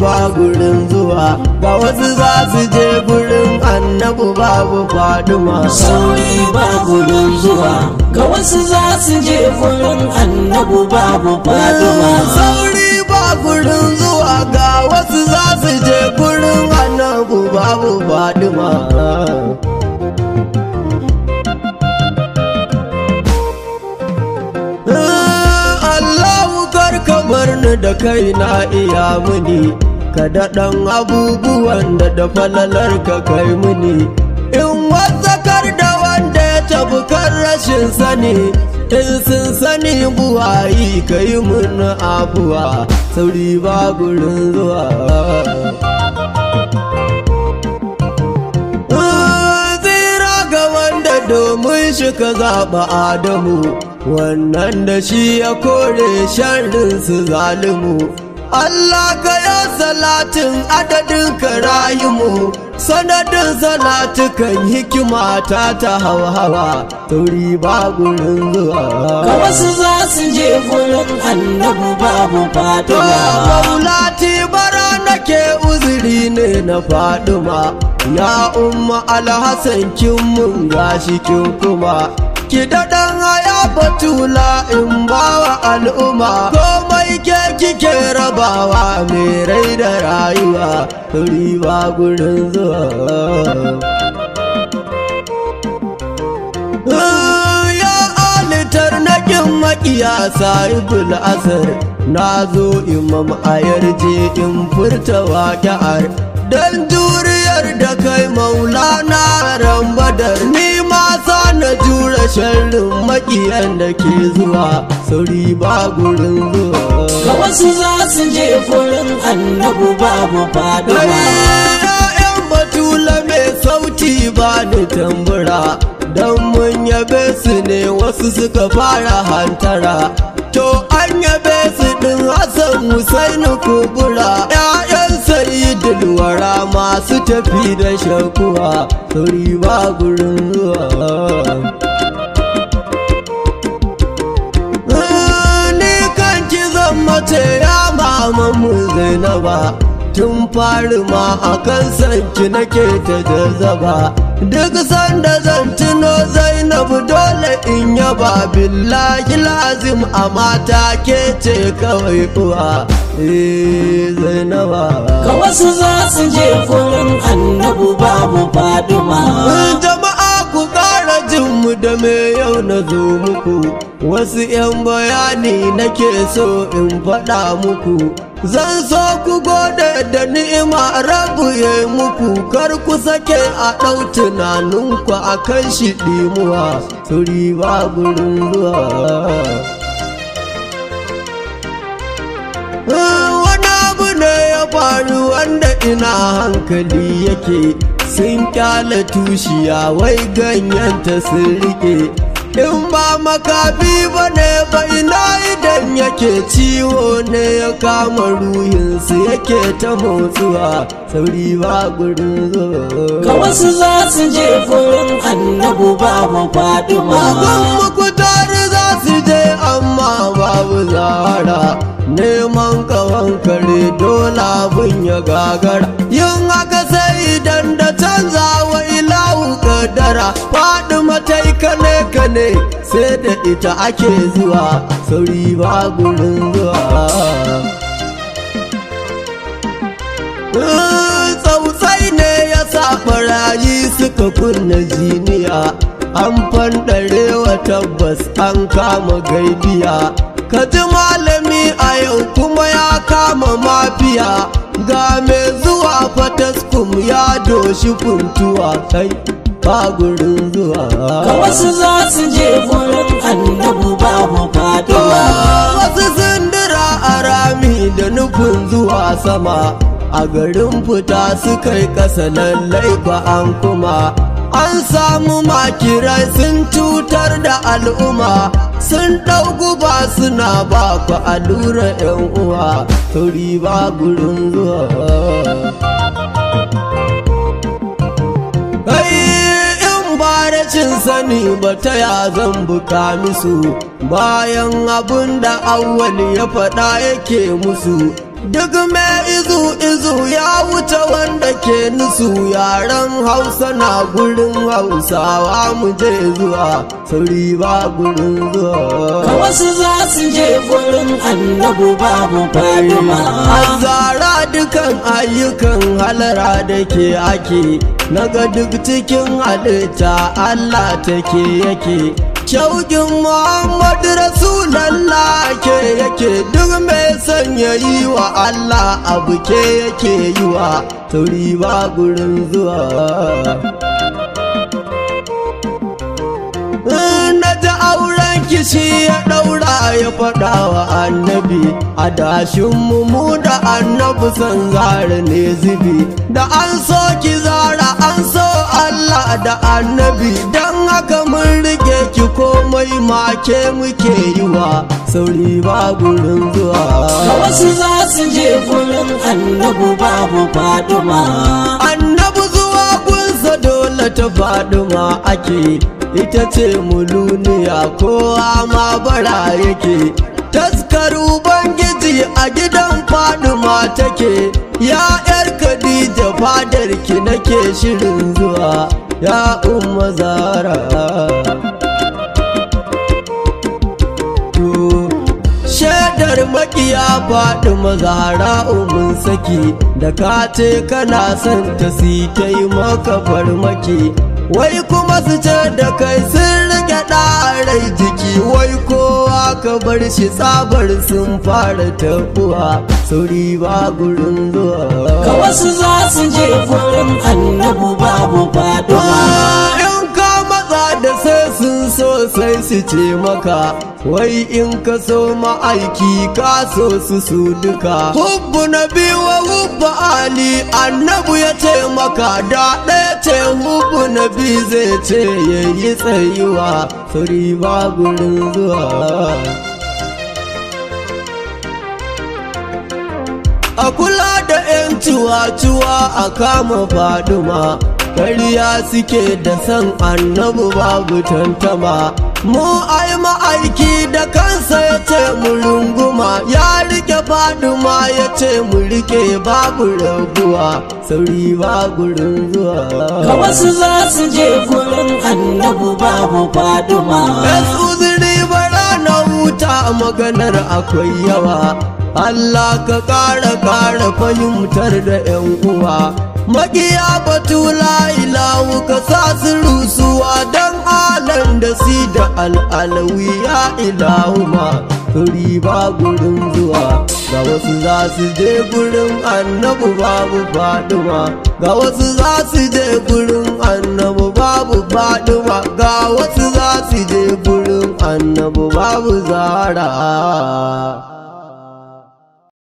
ba gurin zuwa ba wasu za su je gurin annabu babu faduwa sauri ba gurin zuwa ga wasu za su je gurin annabu babu faduwa sauri ba gurin zuwa ga wasu za su da kai na iya muni ka daɗan abubuwan da da falalar ka kai muni in wasakar da wanda ya tafi kan rashin sani in sun sani buwayi ka yi mun abuwa sauri ba gurin zuwa domin shi ka zaɓa adamu wannan da shi ya kore sharrinsu zalimu Allah ka ya salatin adadin ka rahimu sanadin kan hikima ta ta hawa tauri ba gurin zuwa ka wasu za su je gurin annabu babu fatima maulati bara nake uzuri ne na faduma. ya umma alhassan kin mun gashi kin kuma ki daɗan batula in bawa al'umma komai ke kike rabawa mai rai da rayuwa riba gurin zuwa makiya sahibul asar na zo imam a yarje in furta waƙi'ar don juriyar da kai maulana ran badar ni ma na jura sharrin makiyan da ke zuwa sauri ba gurin zuwa ga wasu za su je furin annabu babu faɗuwa yan batula mai sauti ba da tambura don mun yabe su ne wasu suka fara hantara to an yabe su ɗin hassan musainu kubura masu duwara masu tafi da shakuwa sauri ba gurin zuwa ni kan ki zan mace ya mamanmu zainaba tun faru ma kan sanki nake ta jazaba duk sanda zan tuno zainabu dole in yaba billahi lazim a mata ke ce kawai uwa eh, zainaba ka wasu za su je furin annabu babu faduma eh, jama'a ku kara jinmu da me yau na zo muku wasu 'yan bayani nake so in faɗa muku Zan so ku gode da ni'ima rabu ya muku kar ku sake a ɗau tunaninku a kan shi ɗimuwa su riba gurin ruwa. Wani abu ne ya faru wanda ina hankali yake sun kyale tushiya wai ganyen ta sun rike. in ba makafi ba ne ba ina idan yake ciwo ne ya kama ruhinsu yake ta motsuwa sauri ba gurin ka wasu za su je furin annabu ba ma. faɗi ma makutar za su je amma babu zahara neman kawan kare dole bun ya gagara yin zahara faɗi matai kane kane sai da ita ake zuwa sauri ba gurin zuwa eh, tsausai ne ya sa farayi suka kunna jiniya an wa tabbas an kama gaibiya ka ji malami a yau kuma ya kama mafiya ga mai zuwa fataskum ya doshi kuntuwa kai ba gurin zuwa wasu za su je gurin annabu babu faduwa wasu sindira a rami da nufin zuwa sama a garin fita su kai kasa lallai ba an kuma an samu makirai sun cutar da al'umma sun ɗauku ba suna ba ku allura 'yan uwa turi ba gurin zuwa ni ba ya zan buka musu bayan abun da awwal ya faɗa yake musu duk mai izu izu ya wuce wanda ke nusu yaren hausa na gurin hausawa mu je zuwa sauri ba gurin zuwa wasu za su je gurin annabu babu fadima a zara dukan ayyukan halara da ke ake naga duk cikin halitta Allah take yake Shaukin Muhammadu Rasulallah ke yake duk mai son ya yi wa Allah abu ke yake yi wa tauri ba gurin zuwa. na ji auren kishi ya daura ya faɗa wa annabi a dashin mu da annabi san zara ne zubi da an so ki an so Allah da annabi don haka mun rike ki komai make muke yi wa sauri ba gurin zuwa wasu za su je gurin annabu babu faduma annabu zuwa kunsa dole ta faduma ake ita ce muluniya kowa ma bara yake taskar ubangiji a gidan faduma take ya yar Khadija fadar ki nake shirin zuwa ya umma zara shaidar makiya faɗi mazara umun saki da ka ce kana son ta si ta maka farmaki wai kuma su ce da kai sun rike ɗa Ka bar shi tsabar sun fara tafuwa, sauri ba gurin zuwa ka wasu za su je furin annabu babu In ka maza da sai sun so sai su ce maka wai in ka so ma'aiki ka so su su duka hubbu na wa hubbu ali annabu ya ce maka da ɗaya ce hubbu na zai ce yayi tsayuwa suri ba gurin zuwa a kula da 'yan tuwa-tuwa a kama faduma kariya suke da san annabu babu tantama mu ai ma'aiki da kansa ya ce mu runguma ya rike faduma ya ce mu rike babu raguwa sauri babu runguwa Kawasu za su je gurin annabu babu faduma ba na wuta maganar akwai yawa Allah ka ƙara ƙara fahimtar da 'yan uwa Magiya batula ilawu ka sa su rusuwa don alan da si da al'alawi ya ilawu ma riba gurin zuwa ga wasu za su je gurin annabu babu faɗuma ga wasu za su je gurin annabu babu faɗuma ga wasu za su je gurin annabu babu zara